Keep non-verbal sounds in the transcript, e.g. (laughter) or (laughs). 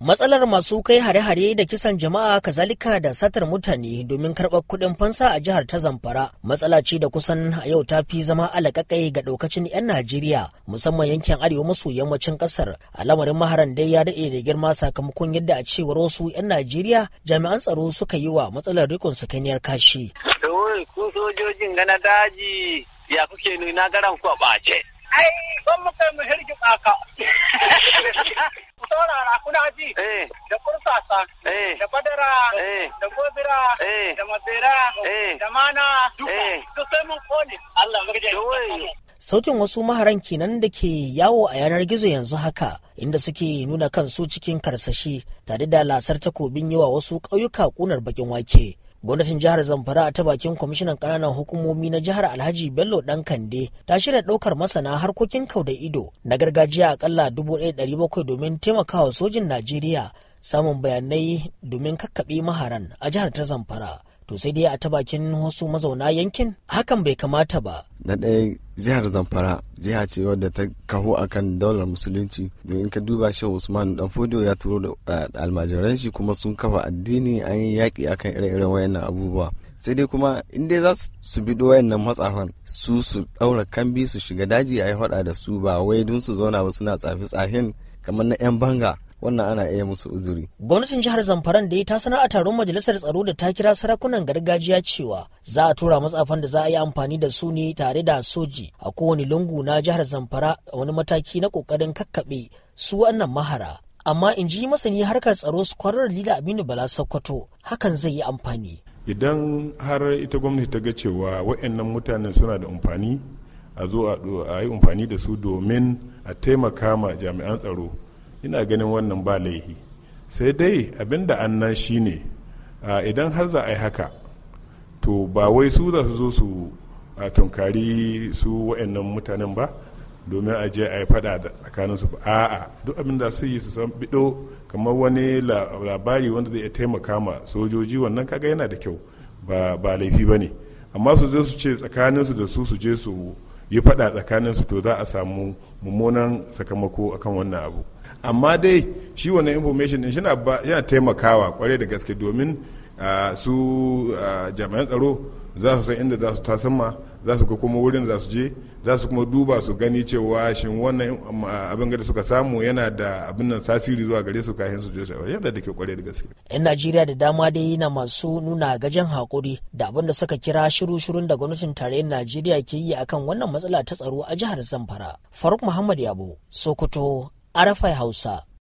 Matsalar masu kai hare-hare da kisan jama'a kazalika da satar mutane domin karɓar kuɗin fansa a jihar ta Zamfara matsala ce da kusan a yau ta fi zama alaƙaƙai ga ɗaukacin 'yan Najeriya musamman yankin arewa maso yammacin ƙasar. a lamarin maharan dai ya daɗe da girma sakamakon yadda a cewar wasu 'yan Najeriya jami'an tsaro suka yi wa matsalar rikon sakaniyar kashi. Ku sojojin gana daji ya kuke nuna garan ku a ɓace. Ai, ban mu kai mu hirgi ɓaka. (laughs) badara eh. da gobira eh. da masera eh. da mana sai mun kone Allah sautin wasu maharan kenan da ke yawo a yanar gizo yanzu haka inda suke nuna kansu cikin karsashi tare da lasar takobin yi wa wasu ƙauyuka ƙunar bakin wake gwamnatin jihar zamfara ta bakin kwamishinan ƙananan hukumomi na jihar alhaji bello dan kande ta shirya ɗaukar masana harkokin kau da ido na gargajiya a akalla bakwai domin taimakawa sojin najeriya samun bayanai domin kakkaɓe maharan a jihar ta zamfara to sai dai a ta bakin wasu mazauna yankin hakan bai kamata ba na ɗaya jihar zamfara jiha ce wadda ta kaho akan daular musulunci domin ka duba shi usman dan fodo ya turo da almajiran shi kuma sun kafa addini an yi yaƙi akan ire-iren wayannan abubuwa sai dai kuma in dai za su bi wayannan matsafan su su ɗaura kambi su shiga daji a yi faɗa da su ba wai don su zauna ba suna tsafi tsafin kamar na 'yan banga wannan ana iya musu uzuri. Gwamnatin jihar zamfara da ya ta sanar a taron majalisar tsaro da ta kira sarakunan gargajiya cewa za a tura matsafan da za a yi amfani da su ne tare da soji a kowane lungu na jihar Zamfara a wani mataki na kokarin kakkaɓe su wannan mahara. Amma in ji masani harkar tsaro su kwarar Lila Aminu Bala Sokoto hakan zai yi amfani. Idan har ita gwamnati ta ga cewa waɗannan mutanen suna da amfani a zo a yi amfani da su domin a taimaka ma jami'an tsaro ina ganin wannan ba laihi sai dai abin da an nan shi ne idan har za a yi haka to ba wai su za su zo su tunkari su wa'annan mutanen ba domin a je a yi fada tsakanin su a'a duk abin da su yi su san bido kamar wani labari wanda zai taimaka ma sojoji wannan kaga yana da kyau ba laifi ba ne amma su je su ce tsakanin su da su su je su yi fada tsakanin su to za a samu mummunan sakamako akan wannan abu amma dai shi wannan information din yana taimakawa kwarai da gaske domin ah, su ah, jami'an tsaro za su san inda za su tasamma za su ga kuma wurin za su je za su kuma duba su gani cewa shi wannan um, ah, abin da suka samu yana da abin nan tasiri zuwa gare su kayan su je su yadda da ke kware da gaske. yan najeriya da dama dai yana masu nuna gajen hakuri da abin da suka kira shiru-shirun da gwamnatin tarayyar najeriya ke yi akan wannan matsala ta tsaro a jihar zamfara faruk muhammad yabo sokoto arafai hausa